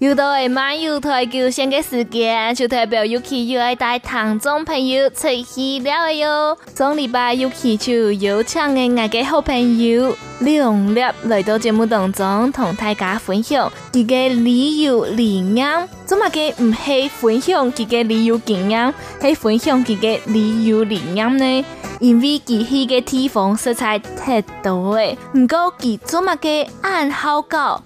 又到漫遊台東縣嘅時間，就代表 Uki 又愛帶聽眾朋友出去了喲。上禮拜 Uki 就邀請我嘅好朋友梁烈，來到節目當中，同大家分享自己旅遊理念。做乜嘅唔係分享自己旅遊經驗，係分享自己旅遊理念呢？因為自己嘅地方實在太多誒，唔過佢做乜嘅按好搞。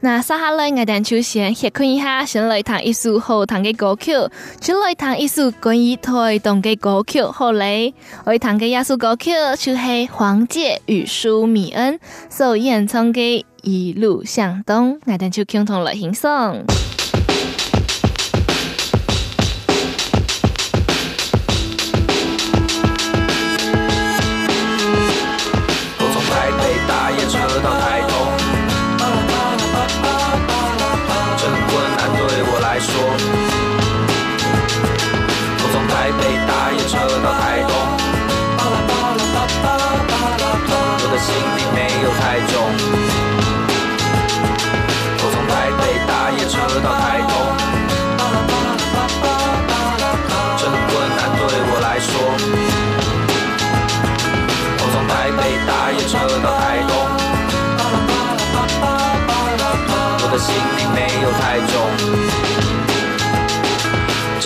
那接下來我們就先來看一下，先來彈一首好聽嘅歌曲，就來彈一首關於台東嘅歌曲。好嘞，我彈嘅一首歌曲就係黃玠與舒米恩所演唱嘅《一路向東》，我們看看了，我們就共同來欣賞。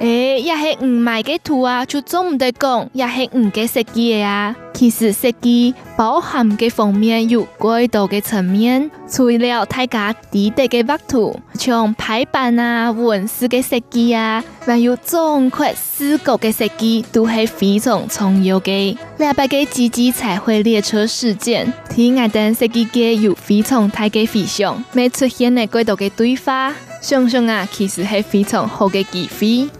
誒，也是唔賣嘅圖啊，就總唔得講，也是唔嘅設計嘅啊。其實設計包含嘅方面有過多嘅層面，除了大家睇得嘅畫圖，像排版啊、紋飾嘅設計啊，還有裝潢、視覺嘅設計，都係非常重要嘅。你話白嘅集集彩繪列車事件，睇下等設計界有非常大嘅影響，未出現嘅過度嘅對話，想想啊，其實係非常好嘅機會。